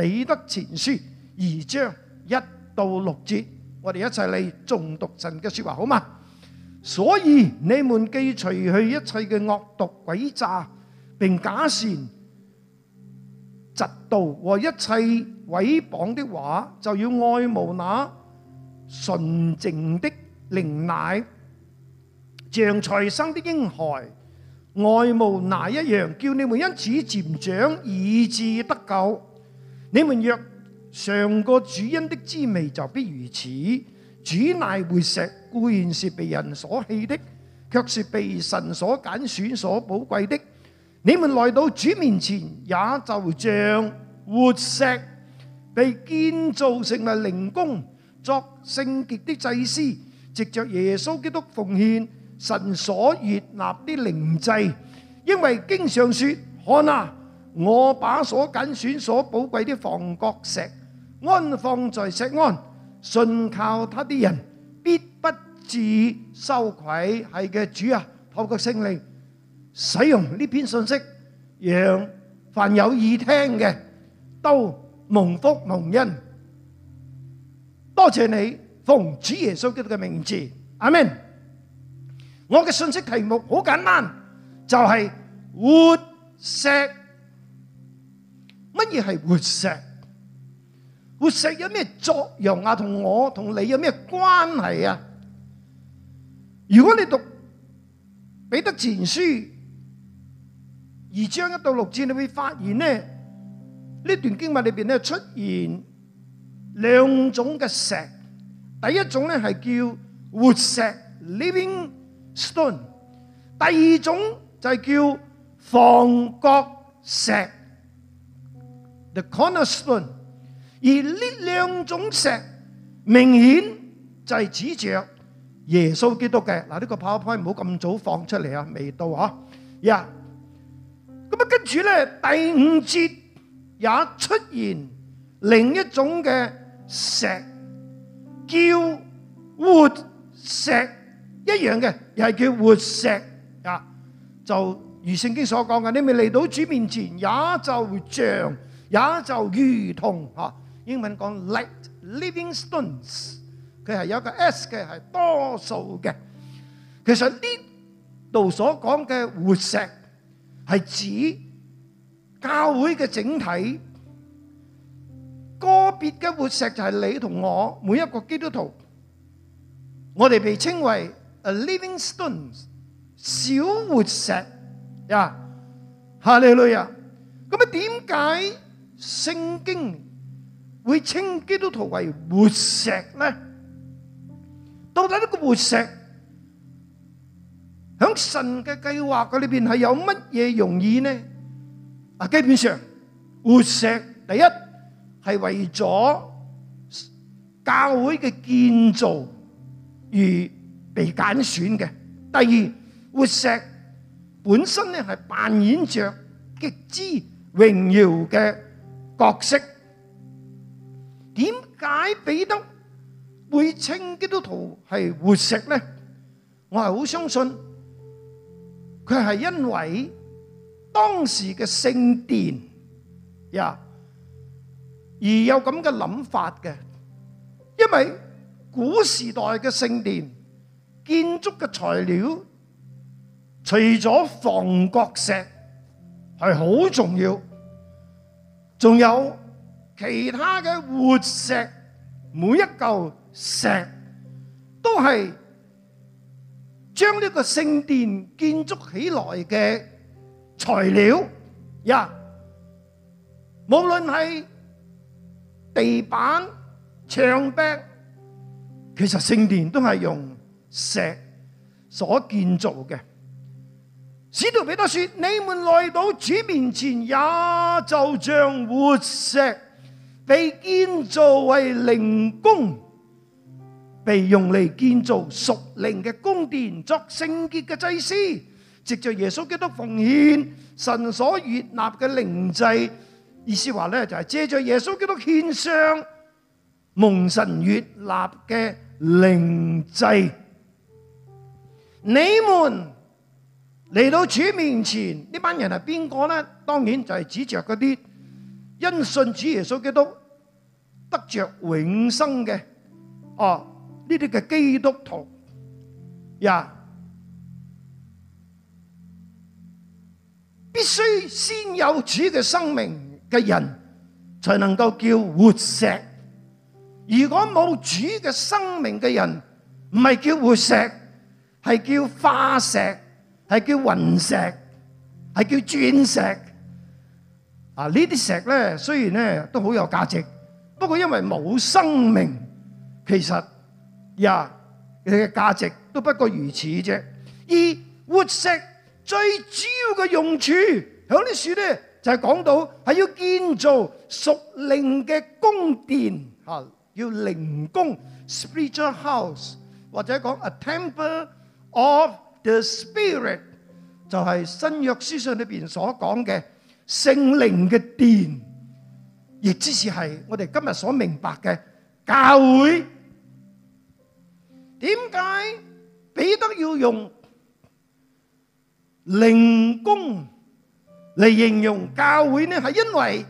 彼得前書二章一到六節，我哋一齊嚟誦讀神嘅說話，好嘛？所以你們既除去一切嘅惡毒詭詐，並假善、嫉妒和一切毀謗的話，就要愛慕那純淨的靈奶，像才生的嬰孩，愛慕那一樣，叫你們因此漸長，以致得救。你們若嘗過主恩的滋味，就必如此。主乃活石，固然是被人所棄的，却是被神所揀選、所寶貴的。你們來到主面前，也就像活石被建造成為靈宮，作聖潔的祭司，藉着耶穌基督奉獻神所悅納的靈祭。因為經上說：看啊！我把所揀選、所寶貴的房角石安放在錫安，信靠他的人必不至羞愧。係嘅，主啊，透過聖靈使用呢篇信息，讓凡有意聽嘅都蒙福蒙恩。多謝你，奉主耶穌基督嘅名字，阿門。我嘅信息題目好簡單，就係活石。乜嘢係活石？活石有咩作用啊？同我同你有咩關係啊？如果你讀彼得前書而將一到六節，你會發現呢，呢段經文裏邊呢，出現兩種嘅石，第一種呢係叫活石 （living stone），第二種就係叫房角石。Cornerstone，而呢兩種石明顯就係指着耶穌基督嘅。嗱，呢、這個 PowerPoint 唔好咁早放出嚟啊，未到嗬。呀，咁啊，跟住咧第五節也出現另一種嘅石，叫活石一樣嘅，又係叫活石啊，yeah. 就如聖經所講嘅，你未嚟到主面前，也就像。也就如同嚇，英文講 Light Living Stones，佢係有個 s 嘅，係多數嘅。其實呢度所講嘅活石係指教會嘅整體，個別嘅活石就係你同我每一個基督徒，我哋被稱為 a Living Stones 小活石呀，哈利路亞，咁啊點解？聖經會稱基督徒為活石咧？到底呢個活石響神嘅計劃嘅裏邊係有乜嘢用意呢？啊，基本上活石第一係為咗教會嘅建造而被揀選嘅；第二，活石本身咧係扮演着極之榮耀嘅角石。點解彼得會稱基督徒係活石呢？我係好相信佢係因為當時嘅聖殿呀，而有咁嘅諗法嘅。因為古時代嘅聖殿建築嘅材料，除咗防角石係好重要，仲有其他嘅活石，每一嚿石都係將呢個聖殿建築起來嘅材料呀。無論係地板、牆壁，其實聖殿都係用石所建造嘅。使徒彼得說：你們來到主面前，也就像活石被建造為靈宮，被用嚟建造屬靈嘅宮殿，作聖潔嘅祭司，藉着耶穌基督奉獻神所悅納嘅靈祭。意思話咧，就係借着耶穌基督獻上蒙神悅納嘅靈祭，你們。嚟到主面前，呢班人係邊個咧？當然就係指著嗰啲因信主耶穌基督得着永生嘅，哦，呢啲嘅基督徒呀，yeah. 必須先有主嘅生命嘅人才能夠叫活石。如果冇主嘅生命嘅人，唔係叫活石，係叫化石。係叫雲石，係叫鑽石。啊，呢啲石咧，雖然咧都好有價值，不過因為冇生命，其實呀，佢嘅價值都不過如此啫。而活石最主要嘅用處，響啲樹咧就係講到係要建造屬靈嘅宮殿，嚇，叫靈宮 （spiritual house） 或者講 a temple of。The Spirit 就係新約書上裏邊所講嘅聖靈嘅殿，亦即是係我哋今日所明白嘅教會。點解彼得要用靈宮嚟形容教會呢？係因為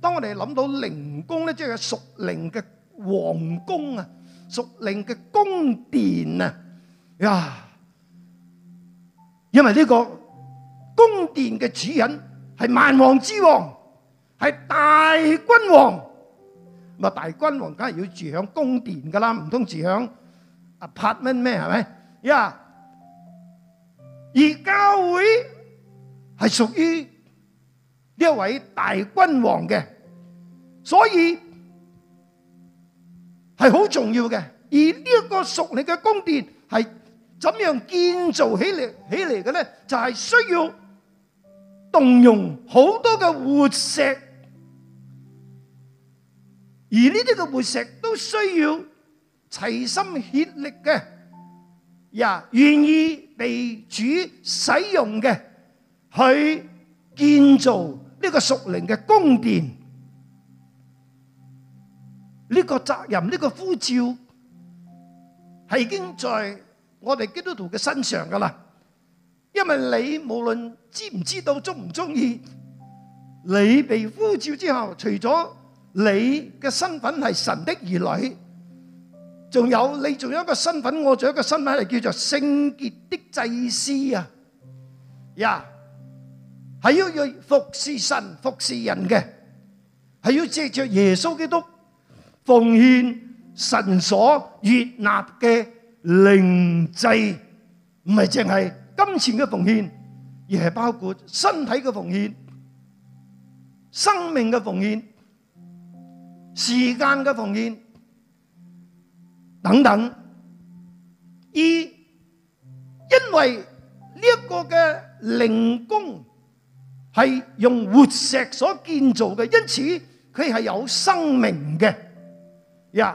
當我哋諗到靈宮呢，即係屬靈嘅王宮啊，屬靈嘅宮殿啊，呀！因為呢個宮殿嘅主人係萬王之王，係大君王。咪大君王梗係要住響宮殿噶啦，唔通住響 apartment 咩，係咪？呀！而教會係屬於呢一位大君王嘅，所以係好重要嘅。而呢一個屬靈嘅宮殿係。怎樣建造起嚟起嚟嘅呢？就係、是、需要動用好多嘅活石，而呢啲嘅活石都需要齊心協力嘅，呀願意被主使用嘅去建造呢個屬靈嘅宮殿。呢、這個責任，呢、這個呼召係已經在。我哋基督徒嘅身上㗎喇，因為你無論知唔知道、鍾唔鍾意，你被呼召之後，除咗你嘅身份係神的兒女，仲有你仲有一個身份，我仲有一個身份係叫做聖潔的祭司啊，呀，係要要服侍神、服侍人嘅，係要藉着耶穌基督奉獻神所悅納嘅。靈祭唔係淨係金錢嘅奉獻，而係包括身體嘅奉獻、生命嘅奉獻、時間嘅奉獻等等。而因為呢一個嘅靈工係用活石所建造嘅，因此佢係有生命嘅。呀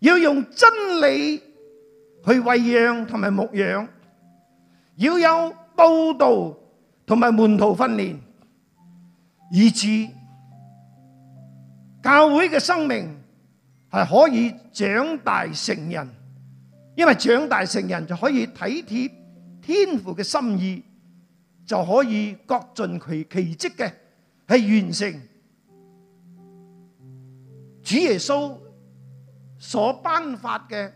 要用真理去餵養同埋牧養，要有教導同埋門徒訓練，以至教會嘅生命係可以長大成人。因為長大成人就可以體貼天父嘅心意，就可以各盡其其職嘅，去完成主耶穌。所頒發嘅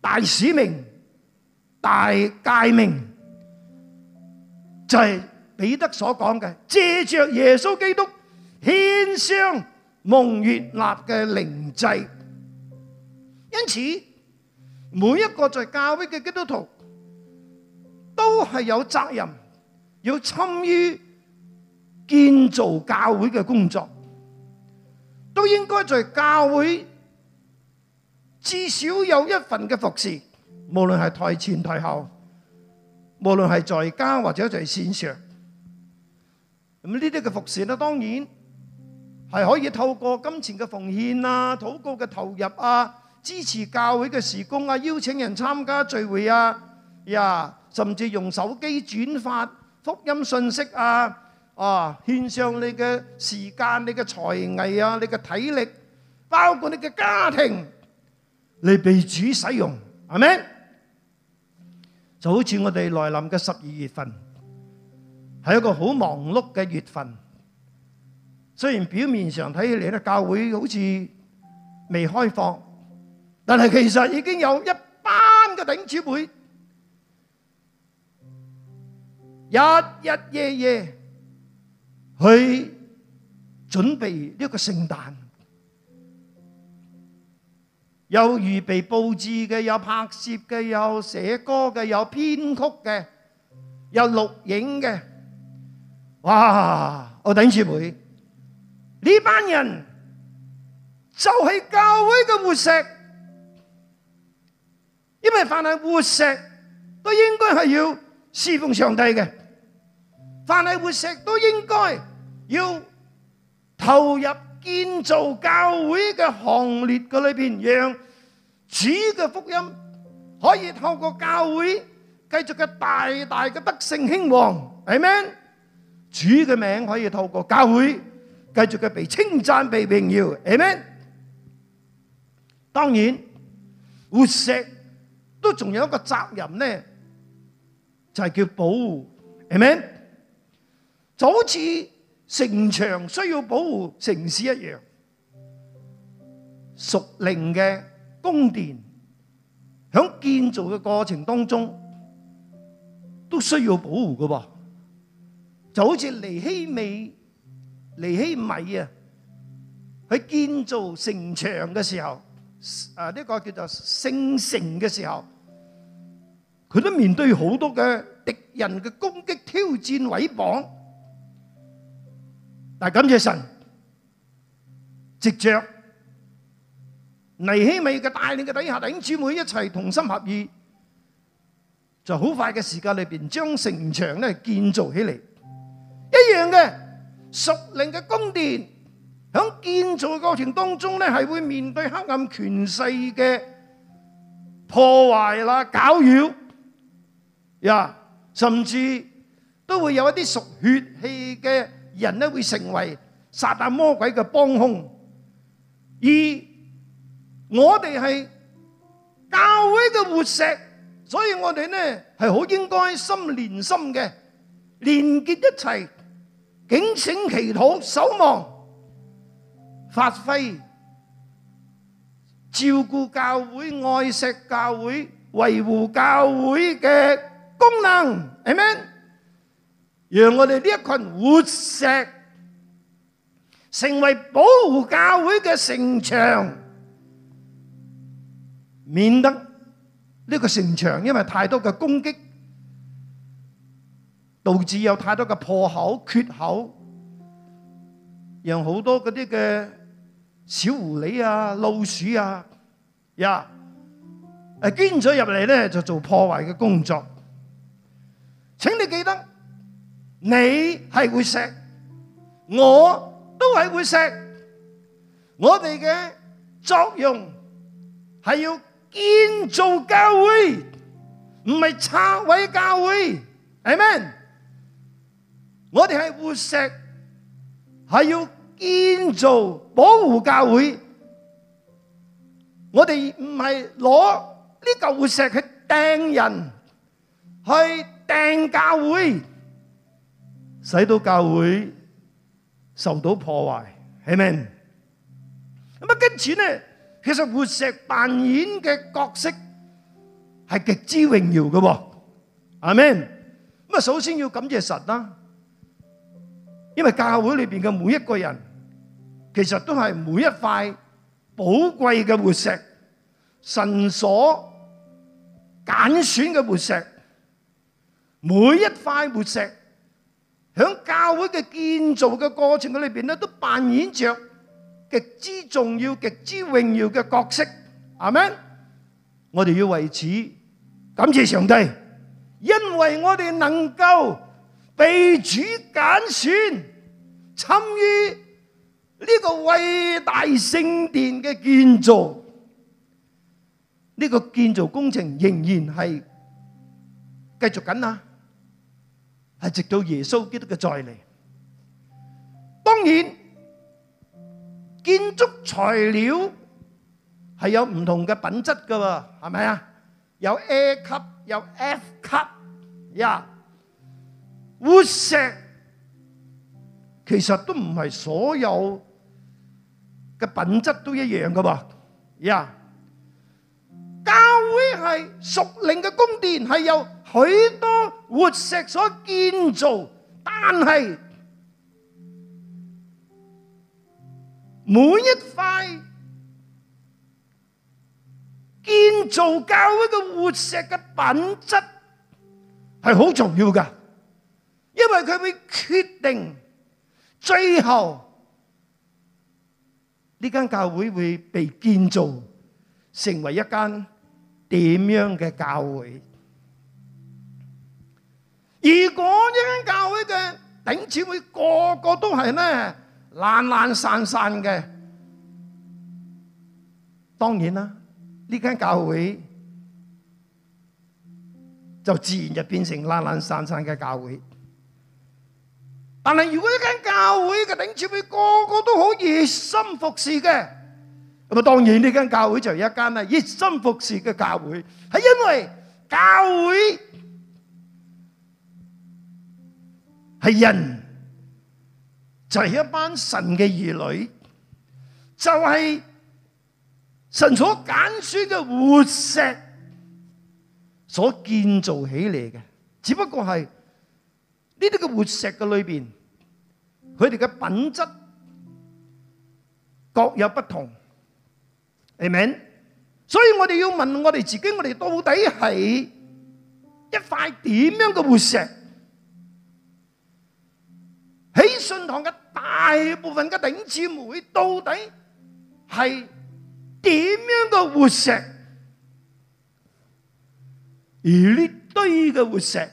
大使命、大誡命，就係彼得所講嘅，借著耶穌基督獻上蒙悅納嘅靈祭。因此，每一個在教會嘅基督徒都係有責任要參與建造教會嘅工作，都應該在教會，至少有一份嘅服侍，無論係台前台後，無論係在家或者在線上，咁呢啲嘅服侍咧，當然係可以透過金錢嘅奉獻啊、禱告嘅投入啊、支持教會嘅事工啊、邀請人參加聚會啊，呀，甚至用手機轉發福音信息啊，啊，獻上你嘅時間、你嘅才藝啊、你嘅體力，包括你嘅家庭。你被主使用，係咪？就好似我哋來臨嘅十二月份，係一個好忙碌嘅月份。雖然表面上睇起嚟咧，教會好似未開放，但係其實已經有一班嘅頂姊妹，日日夜夜去準備呢個聖誕。有預備佈置嘅，有拍攝嘅，有寫歌嘅，有編曲嘅，有錄影嘅。哇！我頂住會呢班人就係教會嘅活石，因為凡係活石都應該係要侍奉上帝嘅，凡係活石都應該要投入，建造教會嘅行列嘅裏邊，讓主嘅福音可以透過教會繼續嘅大大嘅得勝興旺，阿們。主嘅名可以透過教會繼續嘅被稱讚、被榮耀，阿們。當然，活石都仲有一個責任咧，就係叫保護，阿們。早知。城牆需要保護，城市一樣，屬靈嘅宮殿喺建造嘅過程當中都需要保護噶噃，就好似尼希米，尼希米啊，喺建造城牆嘅時候，誒呢個叫做聖城嘅時候，佢都面對好多嘅敵人嘅攻擊、挑戰、毀謗。但係感謝神，藉著尼希米嘅帶領嘅底下，弟兄姊妹一齊同心合意，就好快嘅時間裏邊，將城牆咧建造起嚟。一樣嘅，屬靈嘅宮殿，響建造嘅過程當中咧，係會面對黑暗權勢嘅破壞啦、攪擾，呀，甚至都會有一啲屬血氣嘅。人咧，會成為撒旦魔鬼嘅幫兇，而我哋係教會嘅活石，所以我哋咧係好應該心連心嘅，連結一齊，警醒祈禱、守望、發揮、照顧教會、愛錫教會、維護教會嘅功能，係咩？讓我哋呢一群活石成為保護教會嘅城牆，免得呢個城牆因為太多嘅攻擊，導致有太多嘅破口缺口，讓好多嗰啲嘅小狐狸啊、老鼠啊，呀，誒，捐咗入嚟咧就做破壞嘅工作，請你記得。你係活石，我都係活石。我哋嘅作用係要建造教會，唔係拆毀教會。阿們，我哋係活石，係要建造保護教會。我哋唔係攞呢嚿活石去掟人，去掟教會。使到教會受到破壞，係咪？咁啊，跟住咧，其實活石扮演嘅角色係極之榮耀嘅，阿們。咁啊，首先要感謝神啦，因為教會裏邊嘅每一個人，其實都係每一塊寶貴嘅活石，神所揀選嘅活石，每一塊活石。喺教會嘅建造嘅過程嘅裏邊咧，都扮演着極之重要、極之榮耀嘅角色，阿們？我哋要為此感謝上帝，因為我哋能夠被主揀選，參與呢個偉大聖殿嘅建造，呢個建造工程仍然係繼續緊啊！係直到耶穌基督嘅再嚟，當然建築材料係有唔同嘅品質㗎喎，係咪啊？有 A 級，有 F 級，呀，烏石其實都唔係所有嘅品質都一樣㗎噃，呀。即係屬靈嘅宮殿，係由許多活石所建造，但係每一塊建造教會嘅活石嘅品質係好重要㗎，因為佢會決定最後呢間教會會被建造成為一間。點樣嘅教會？如果一間教會嘅頂住會個個都係咧懶懶散散嘅，當然啦，呢間教會就自然就變成懶懶散散嘅教會。但係如果一間教會嘅頂住會個個都好熱心服侍嘅。咁啊，當然呢間教會就係一間啊熱心服侍嘅教會。係因為教會係人，就係一班神嘅兒女，就係神所揀選嘅活石所建造起嚟嘅，只不過係呢啲嘅活石嘅裏邊，佢哋嘅品質各有不同。阿們！所以我哋要問我哋自己，我哋到底係一塊點樣嘅活石？喜信堂嘅大部分嘅弟兄姊妹，到底係點樣嘅活石？而呢堆嘅活石，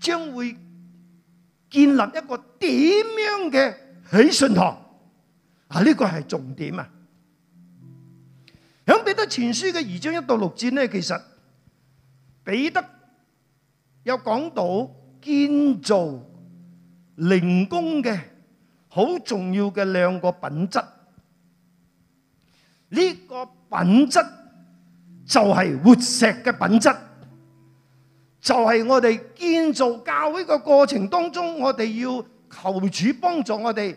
將會建立一個點樣嘅喜信堂？啊！呢個係重點啊！喺彼得前書嘅二章一到六節呢，其實彼得有講到建造靈宮嘅好重要嘅兩個品質。呢個品質就係活石嘅品質，就係我哋建造教會嘅過程當中，我哋要求主幫助我哋。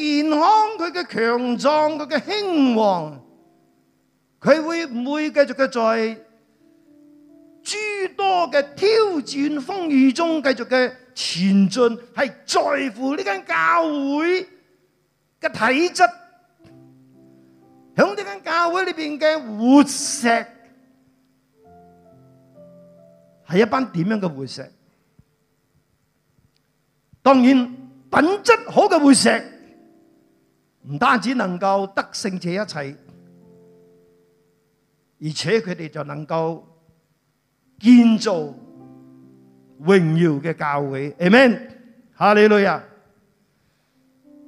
健康佢嘅強壯佢嘅興旺，佢會唔會繼續嘅在諸多嘅挑戰風雨中繼續嘅前進？係在乎呢間教會嘅體質，響呢間教會裏邊嘅活石係一班點樣嘅活石？當然品質好嘅活石。唔單止能夠得勝這一切，而且佢哋就能夠建造榮耀嘅教會。Amen。哈利路亞。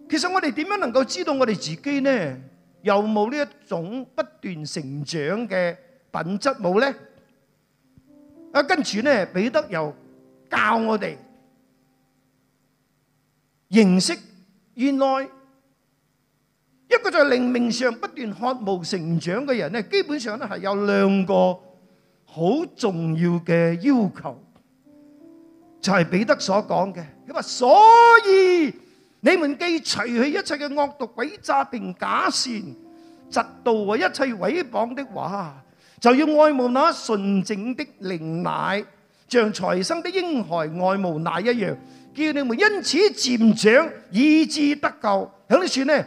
其實我哋點樣能夠知道我哋自己呢？有冇呢一種不斷成長嘅品質？冇呢？啊，跟住呢，彼得又教我哋認識原來。一個在靈命上不斷渴望成長嘅人咧，基本上咧係有兩個好重要嘅要求，就係彼得所講嘅。佢話：所以你們既除去一切嘅惡毒詭詐並假善、嫉妒和一切毀謗的話，就要愛慕那純淨的靈奶，像才生的嬰孩愛慕奶一樣，叫你們因此漸長，以致得救。喺呢處咧，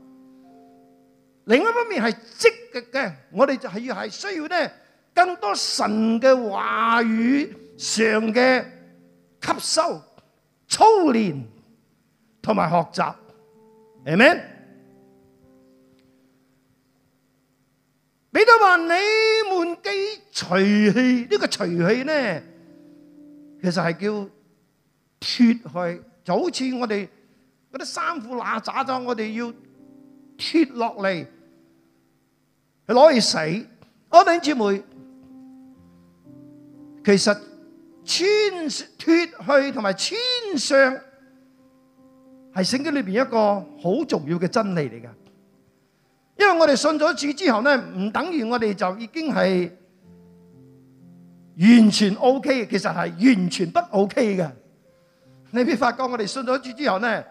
另一方面係積極嘅，我哋就係要係需要咧更多神嘅話語上嘅吸收、操練同埋學習，係咪？你都話：你們嘅除氣，呢個除氣呢，其實係叫脱去，就好似我哋嗰啲衫褲爛渣咗，我哋要。脱落嚟，佢攞去死。我哋姊妹，其實穿脱去同埋穿上，係聖經裏邊一個好重要嘅真理嚟噶。因為我哋信咗主之後咧，唔等於我哋就已經係完全 OK，其實係完全不 OK 嘅。你會發覺我哋信咗主之後咧。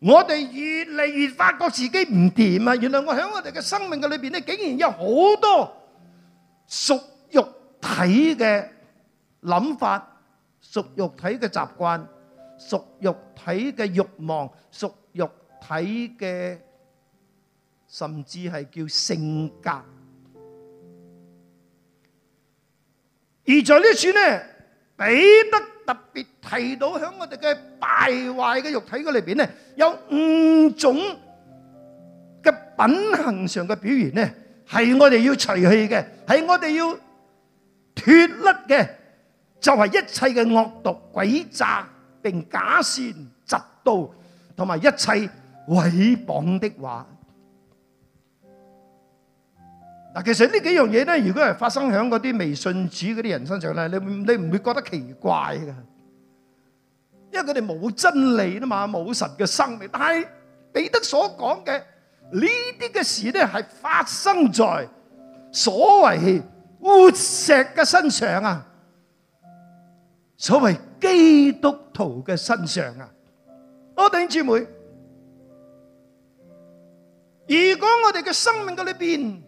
我哋越嚟越發覺自己唔掂啊！原來我喺我哋嘅生命嘅裏邊咧，竟然有好多屬肉體嘅諗法、屬肉體嘅習慣、屬肉體嘅慾望、屬肉體嘅甚至係叫性格。而在這呢處咧，畀得。特別提到喺我哋嘅敗壞嘅肉體嘅裏邊咧，有五種嘅品行上嘅表現咧，係我哋要除去嘅，係我哋要脫甩嘅，就係、是、一切嘅惡毒、詭詐，並假善、嫉妒，同埋一切毀謗的話。嗱，其實呢幾樣嘢咧，如果係發生喺嗰啲未信主嗰啲人身上咧，你你唔會覺得奇怪嘅，因為佢哋冇真理啊嘛，冇神嘅生命。但係彼得所講嘅呢啲嘅事咧，係發生在所謂活石嘅身上啊，所謂基督徒嘅身上啊，我哋弟兄姊妹，如果我哋嘅生命嘅裏邊，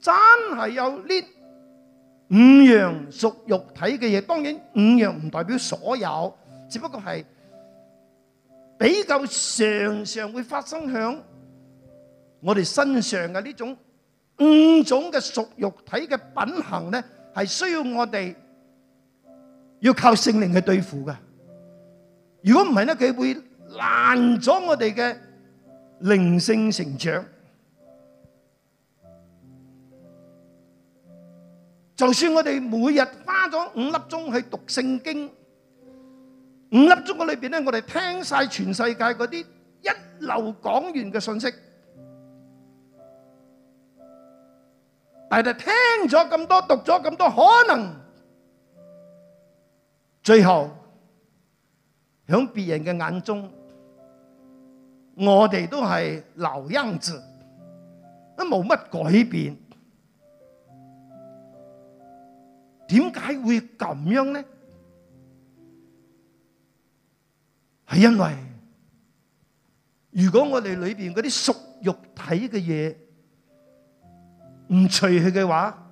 真係有呢五樣屬肉體嘅嘢，當然五樣唔代表所有，只不過係比較常常會發生喺我哋身上嘅呢種五種嘅屬肉體嘅品行咧，係需要我哋要靠聖靈去對付嘅。如果唔係咧，佢會爛咗我哋嘅靈性成長。就算我哋每日花咗五粒鐘去讀聖經，五粒鐘嘅裏邊咧，我哋聽晒全世界嗰啲一流講員嘅信息，但係聽咗咁多，讀咗咁多，可能最後響別人嘅眼中，我哋都係老樣子，都冇乜改變。點解會咁樣咧？係因為如果我哋裏邊嗰啲屬肉體嘅嘢唔除去嘅話，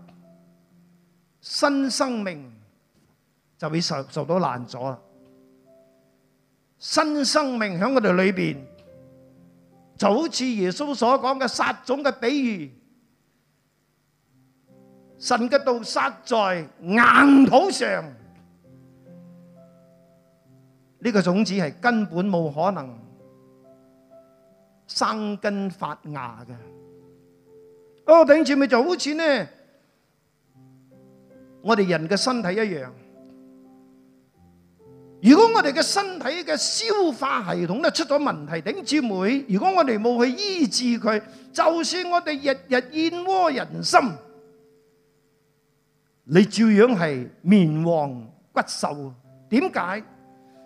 新生命就會受受到難咗啦。新生命喺我哋裏邊就好似耶穌所講嘅撒種嘅比喻。神嘅道撒在硬土上，呢、這個種子係根本冇可能生根發芽嘅。嗰個頂子梅就好似呢，我哋人嘅身體一樣。如果我哋嘅身體嘅消化系統咧出咗問題，頂子妹，如果我哋冇去醫治佢，就算我哋日日燕窩人參。你照樣係面黃骨瘦啊？點解？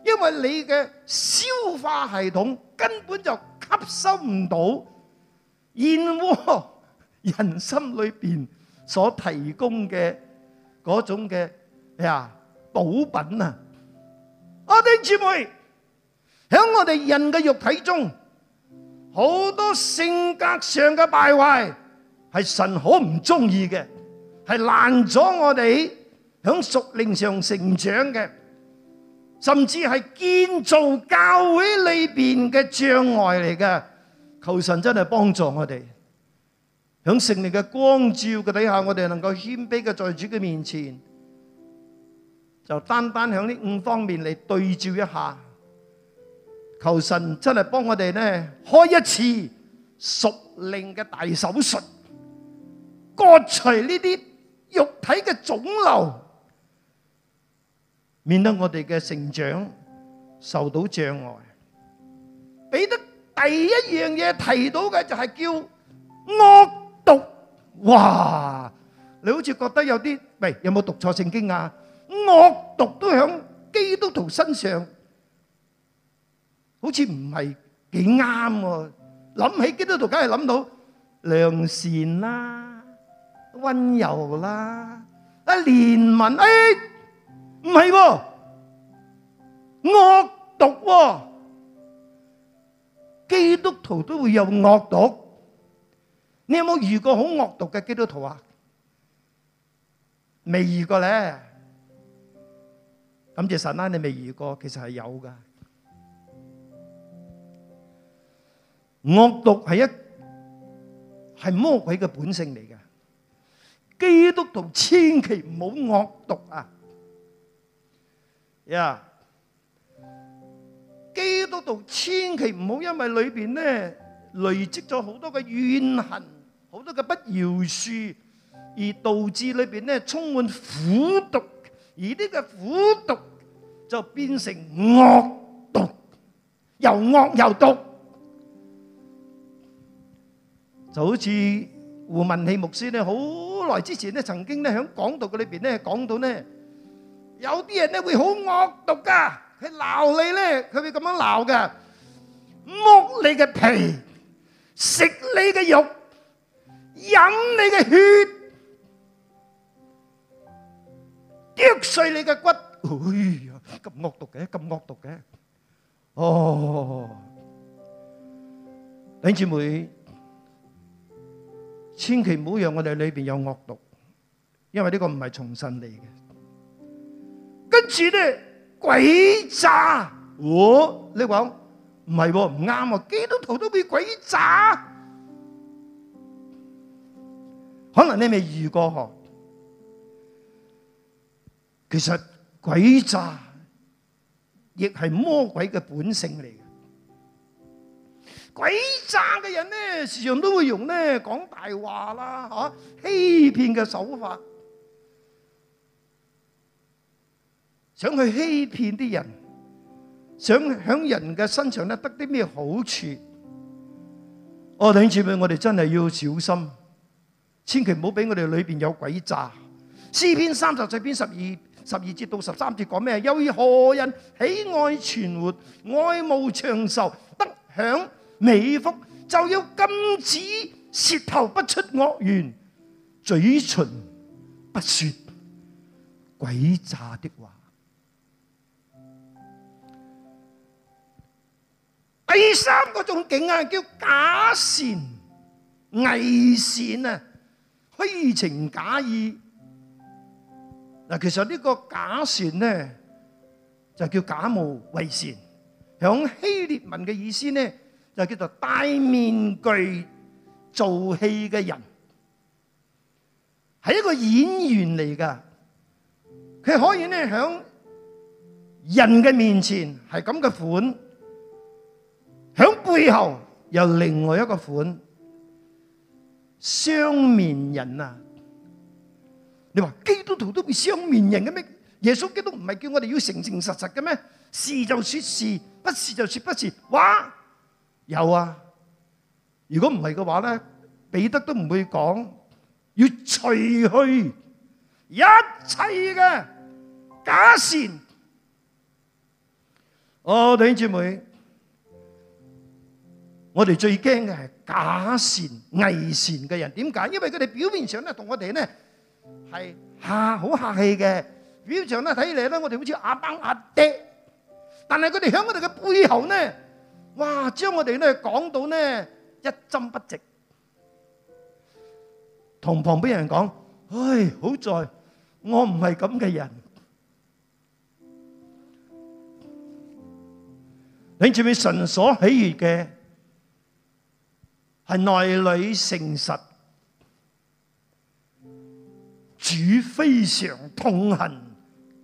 因為你嘅消化系統根本就吸收唔到燕窩人心裏邊所提供嘅嗰種嘅呀補品啊！我哋姊妹喺我哋人嘅肉體中好多性格上嘅敗壞係神好唔中意嘅。係爛咗我哋響屬靈上成長嘅，甚至係建造教會裏邊嘅障礙嚟嘅。求神真係幫助我哋，響聖靈嘅光照嘅底下，我哋能夠謙卑嘅在主嘅面前，就單單響呢五方面嚟對照一下。求神真係幫我哋咧開一次屬靈嘅大手術，割除呢啲。肉體嘅腫瘤，免得我哋嘅成長受到障礙。俾得第一樣嘢提到嘅就係叫惡毒，哇！你好似覺得有啲，喂，有冇讀錯聖經啊？惡毒都響基督徒身上，好似唔係幾啱喎。諗起基督徒，梗係諗到良善啦。溫柔啦，啊憐憫，哎，唔係，啊，惡毒，啊，基督徒都會有惡毒。你有冇遇過好惡毒嘅基督徒沒啊？未遇過咧，咁其實啦，你未遇過，其實係有噶。惡毒係一係魔鬼嘅本性嚟基督徒千祈唔好惡毒啊！呀、yeah.，基督徒千祈唔好因為裏邊呢累積咗好多嘅怨恨，好多嘅不饒恕，而導致裏邊呢充滿苦毒，而呢個苦毒就變成惡毒，又惡又毒，就好似胡文喜牧師呢。好。來之前咧，曾經咧喺講道嘅裏邊咧講到咧，有啲人咧會好惡毒噶，佢鬧你咧，佢會咁樣鬧嘅，剝你嘅皮，食你嘅肉，飲你嘅血，剁碎你嘅骨，哎呀，咁惡毒嘅，咁惡毒嘅，哦，你知唔知？千祈唔好讓我哋裏邊有惡毒，因為這個不是呢個唔係重新嚟嘅。跟住咧，鬼詐，哦，你講唔係唔啱啊！基督徒都俾鬼詐，可能你未遇過嗬。其實鬼詐亦係魔鬼嘅本性嚟。鬼詐嘅人咧，時常都會用咧講大話啦，嚇欺騙嘅手法，想去欺騙啲人，想喺人嘅身上咧得啲咩好處？我哋姊妹，我哋真係要小心，千祈唔好俾我哋裏邊有鬼詐。詩篇三十四篇十二十二節到十三節講咩？有何人喜愛存活、愛慕長壽、得享美福，就要禁止舌頭不出惡言，嘴唇不說鬼詐的話。第三嗰種境啊，叫假善偽善啊，虛情假意。嗱，其實呢個假善咧，就叫假冒為善。響希臘文嘅意思咧。就叫做戴面具做戲嘅人，係一個演員嚟噶。佢可以咧響人嘅面前係咁嘅款，響背後又另外一個款，雙面人啊！你話基督徒都變雙面人嘅咩？耶穌基督唔係叫我哋要誠誠實實嘅咩？是就說是，不是就說不是，嘩！有啊！如果唔係嘅話咧，彼得都唔會講要除去一切嘅假善。哦，弟兄姊妹，我哋最驚嘅係假善偽善嘅人。點解？因為佢哋表面上咧同我哋咧係客好客氣嘅，表面上咧睇起嚟咧我哋好似阿爸阿爹，但係佢哋響我哋嘅背後咧。哇！將我哋咧講到咧一針不值，同旁邊人講，唉，好在我唔係咁嘅人。你前面神所喜悅嘅係內裏誠實，主非常痛恨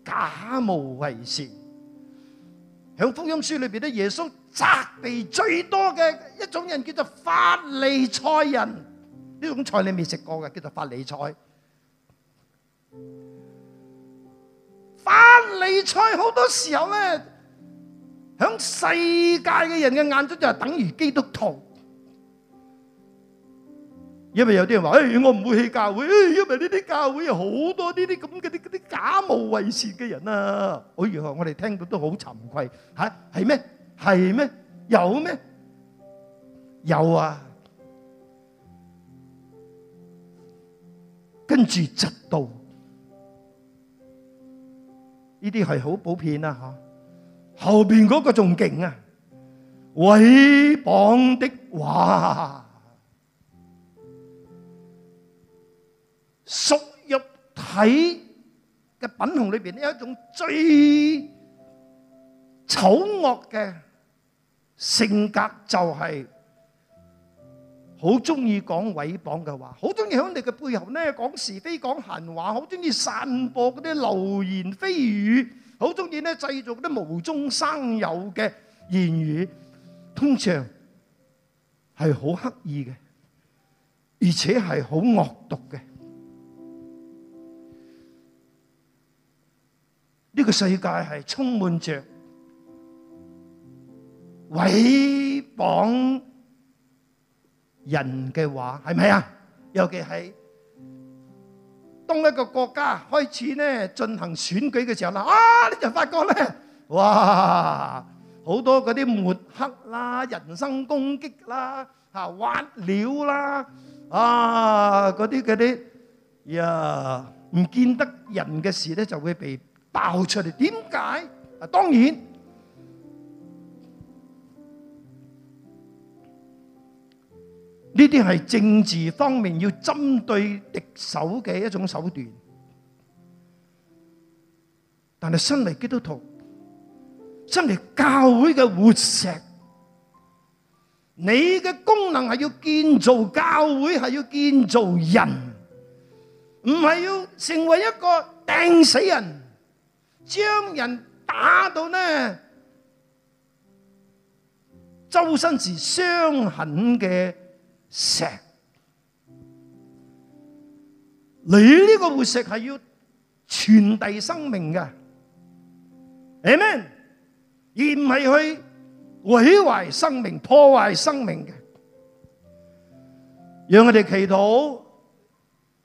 假冒為善。響福音書裏邊咧，耶穌責備最多嘅一種人叫做法利賽人，呢種菜你未食過嘅，叫做法利賽。法利賽好多時候咧，響世界嘅人嘅眼中就係等於基督徒，因為有啲人話：，誒、哎，我唔會去教會，因為呢啲教會有好多呢啲咁嘅啲假冒偽善嘅人啊！好，哎呀，我哋聽到都好慚愧，吓係咩？係咩？有咩？有啊！跟住直到呢啲係好普遍啦，吓後邊嗰個仲勁啊！毀謗的話，屬肉體嘅品行裏邊咧，有一種最醜惡嘅。性格就係好中意講毀謗嘅話，好中意喺你嘅背後咧講是非、講閒話，好中意散播嗰啲流言蜚語，好中意咧製造嗰啲無中生有嘅言語，通常係好刻意嘅，而且係好惡毒嘅。呢個世界係充滿著毀謗人嘅話係咪啊？尤其係當一個國家開始咧進行選舉嘅時候啦，啊你就發覺咧，哇好多嗰啲抹黑啦、人身攻擊啦、嚇挖料啦、啊嗰啲嗰啲呀唔見得人嘅事咧就會被爆出嚟。點解？嗱當然。呢啲係政治方面要針對敵手嘅一種手段，但係身為基督徒，身為教會嘅活石，你嘅功能係要建造教會，係要建造人，唔係要成為一個掟死人，將人打到呢周身是傷痕嘅。石，你呢個活石係要傳遞生命嘅，Amen，而唔係去毀壞生命、破壞生命嘅。讓我哋祈禱，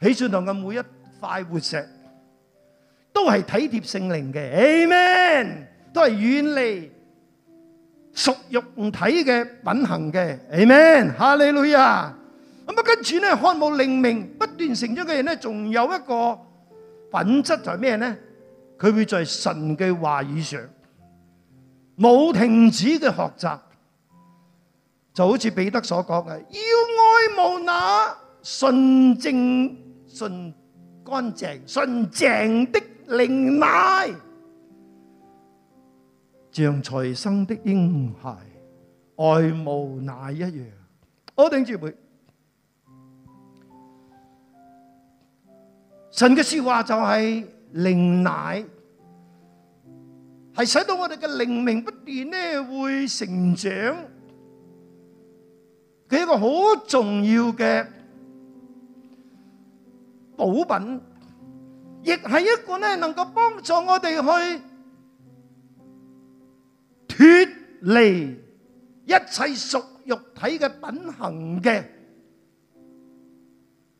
喜善堂嘅每一塊活石都係體貼聖靈嘅，Amen，都係遠離。屬肉體嘅品行嘅，amen，哈利路亞。咁啊，跟住咧，漢武令明不斷成長嘅人咧，仲有一個品質就係咩咧？佢會在神嘅話語上冇停止嘅學習，就好似彼得所講嘅，要愛慕那純正、純乾淨、純正的靈奶。像才生的嬰孩，愛慕奶一樣。我頂住杯，神嘅說話就係靈奶，係使到我哋嘅靈命不斷呢，會成長。佢係一個好重要嘅補品，亦係一個呢，能夠幫助我哋去。遠離一切屬肉體嘅品行嘅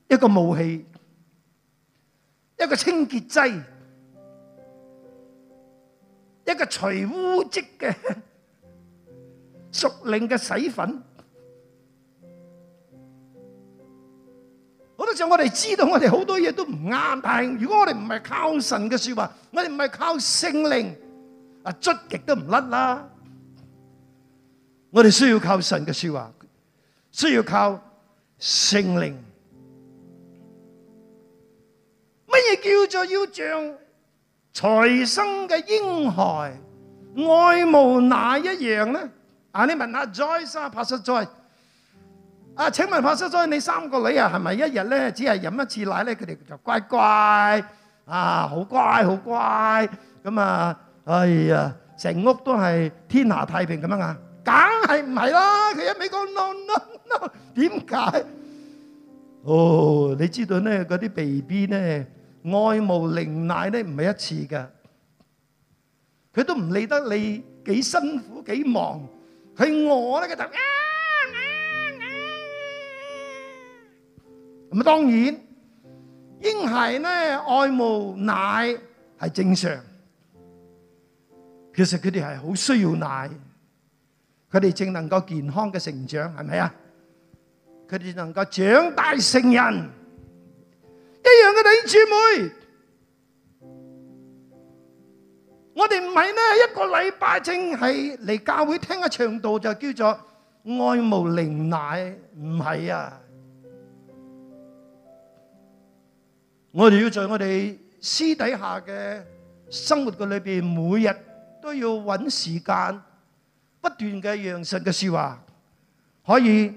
一個武器，一個清潔劑，一個除污漬嘅屬靈嘅洗粉。好多時候我哋知道我哋好多嘢都唔啱，但係如果我哋唔係靠神嘅說話，我哋唔係靠聖靈，啊，捽極都唔甩啦。我哋需要靠神嘅說話，需要靠聖靈。乜嘢叫做要像才生嘅嬰孩愛慕奶一樣呢？啊，你問下 Joyce 啊，Pastor Joyce 啊，請問 Pastor Joyce，你三個女啊係咪一日咧只係飲一次奶咧？佢哋就乖乖啊，好乖好乖咁啊！哎呀，成屋都係天下太平咁樣啊！梗係唔係啦？佢一味講 no no no，點解？哦，你知道咧，嗰啲 BB 咧愛慕餵奶咧唔係一次嘅，佢都唔理得你幾辛苦幾忙，佢餓咧嘅。咁啊當然，嬰孩咧愛慕奶係正常，其實佢哋係好需要奶。佢哋正能夠健康嘅成長，係咪啊？佢哋能夠長大成人，一樣嘅弟兄姊妹。我哋唔係呢一個禮拜正係嚟教會聽嘅場道，就叫做愛慕靈奶，唔係啊！我哋要在我哋私底下嘅生活嘅裏邊，每日都要搵時間。不斷嘅讓神嘅說話，可以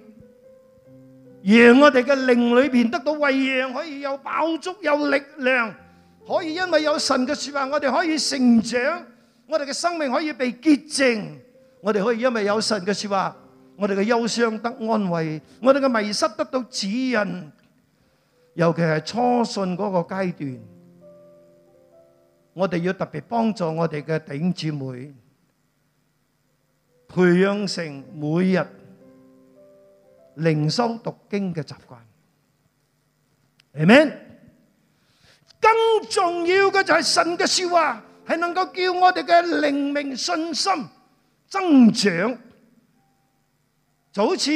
讓我哋嘅靈裏邊得到餵養，可以有飽足、有力量，可以因為有神嘅說話，我哋可以成長，我哋嘅生命可以被潔淨，我哋可以因為有神嘅說話，我哋嘅憂傷得安慰，我哋嘅迷失得到指引。尤其係初信嗰個階段，我哋要特別幫助我哋嘅弟兄姊妹。培養成每日靈修讀經嘅習慣，Amen。更重要嘅就係神嘅說話，係能夠叫我哋嘅靈命信心增長。就好似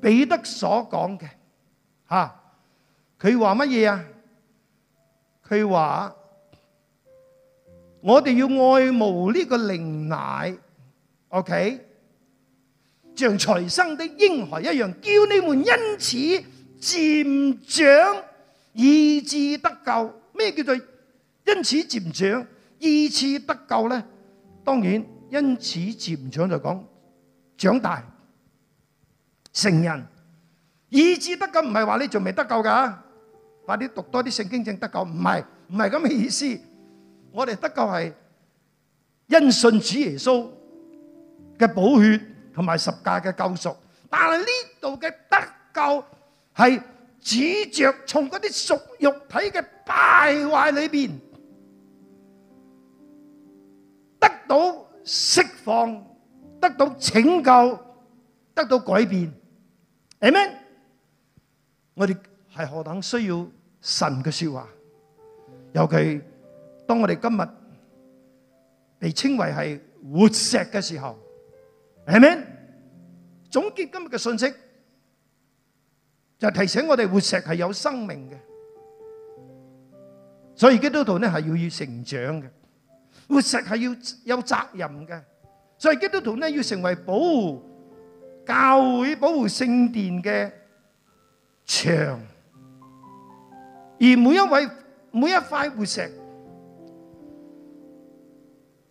彼得所講嘅，吓佢話乜嘢啊？佢話我哋要愛慕呢個靈奶。O.K. 像才生的嬰孩一樣，叫你們因此漸長，以致得救。咩叫做因此漸長，以致得救呢？當然，因此漸長就講長大、成人，以致得救唔係話你仲未得救噶，快啲讀多啲聖經正得救。唔係，唔係咁嘅意思。我哋得救係因信主耶穌。嘅補血同埋十架嘅救贖，但係呢度嘅得救係指著從嗰啲屬肉體嘅敗壞裏邊得到釋放，得到拯救，得到改變。阿們，我哋係何等需要神嘅說話，尤其當我哋今日被稱為係活石嘅時候。係咪？總結今日嘅信息就提醒我哋，活石係有生命嘅，所以基督徒呢係要要成長嘅，活石係要有責任嘅，所以基督徒呢要成為保護教會、保護聖殿嘅牆。而每一位每一塊活石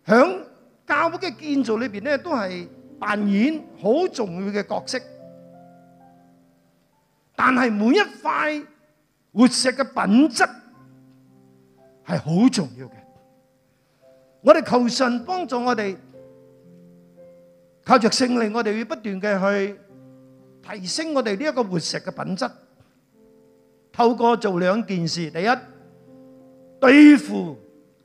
響教會嘅建造裏邊呢，都係。扮演好重要嘅角色，但係每一塊活石嘅品質係好重要嘅。我哋求神幫助我哋，靠着聖靈，我哋會不斷嘅去提升我哋呢一個活石嘅品質。透過做兩件事，第一對付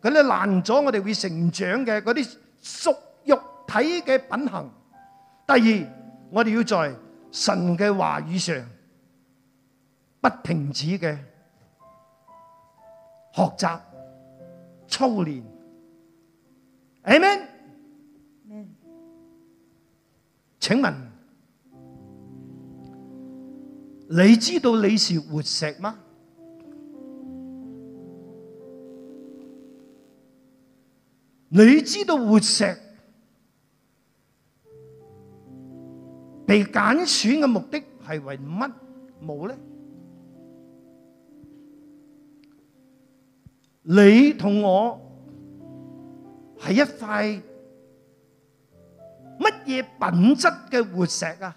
嗰啲爛咗，我哋會成長嘅嗰啲屬肉體嘅品行。第二，我哋要在神嘅話語上不停止嘅學習、操練。阿們，請問你知道你是活石嗎？你知道活石？被揀選嘅目的係為乜冇咧？你同我係一塊乜嘢品質嘅活石啊？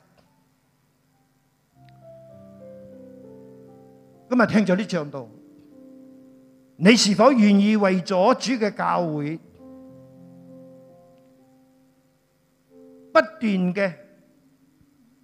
今日聽咗呢講道，你是否願意為咗主嘅教會不斷嘅？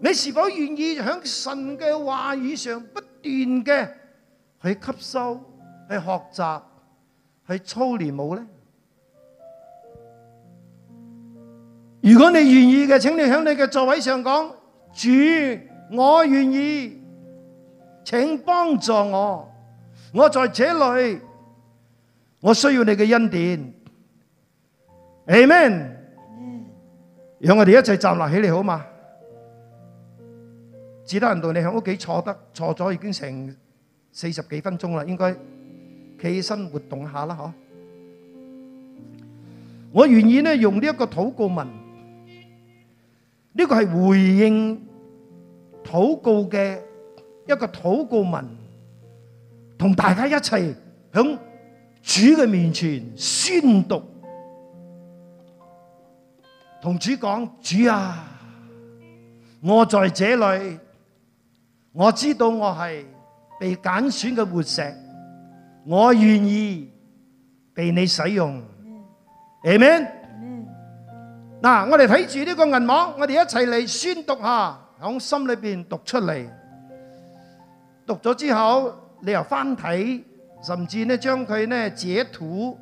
你是否願意喺神嘅話語上不斷嘅去吸收、去學習、去操練我呢？如果你願意嘅，請你喺你嘅座位上講：主，我願意，請幫助我。我在這裡，我需要你嘅恩典。Amen。讓我哋一齊站立起嚟，好嘛？只得人道，你喺屋企坐得坐咗已經成四十幾分鐘啦，應該企起身活動下啦嗬。我願意咧用呢一個禱告文，呢個係回應禱告嘅一個禱告文，同大家一齊響主嘅面前宣讀，同主講：主啊，我在這裡。我知道我係被揀選嘅活石，我願意被你使用，Amen。嗱，我哋睇住呢個銀網，我哋一齊嚟宣讀下，響心裏邊讀出嚟。讀咗之後，你又翻睇，甚至咧將佢咧截圖，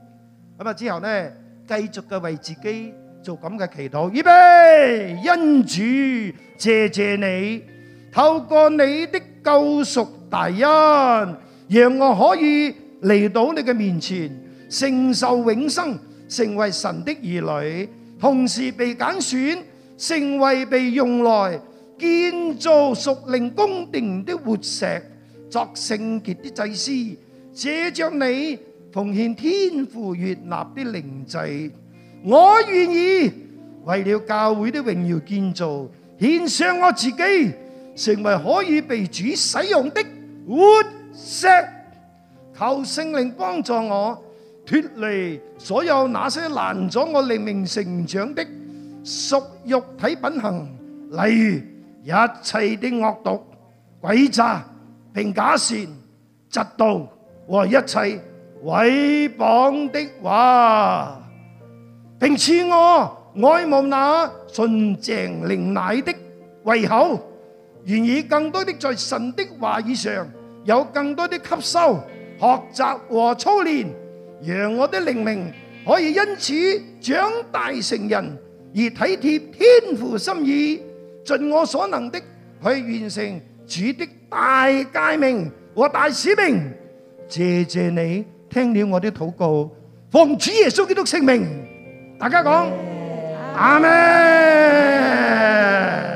咁啊之後咧繼續嘅為自己做咁嘅祈禱。預備，因主謝謝你。透過你的救贖大恩，讓我可以嚟到你嘅面前，承受永生，成為神的兒女，同時被揀選，成為被用來建造屬靈宮殿的活石，作聖潔的祭司，借着你奉獻天父悅納的靈祭。我願意為了教會的榮耀建造，獻上我自己。成為可以被主使用的活石，求聖靈幫助我脫離所有那些攔阻我靈命成長的屬肉體品行，例如一切的惡毒、詭詐、並假善、嫉妒和一切毀謗的話，並賜我愛慕那純淨靈奶的胃口。願意更多的在神的話語上，有更多的吸收、學習和操練，讓我的靈命可以因此長大成人，而體貼天父心意，盡我所能的去完成主的大誡命和大使命。謝謝你聽了我的禱告，奉主耶穌基督聖名，大家講阿門。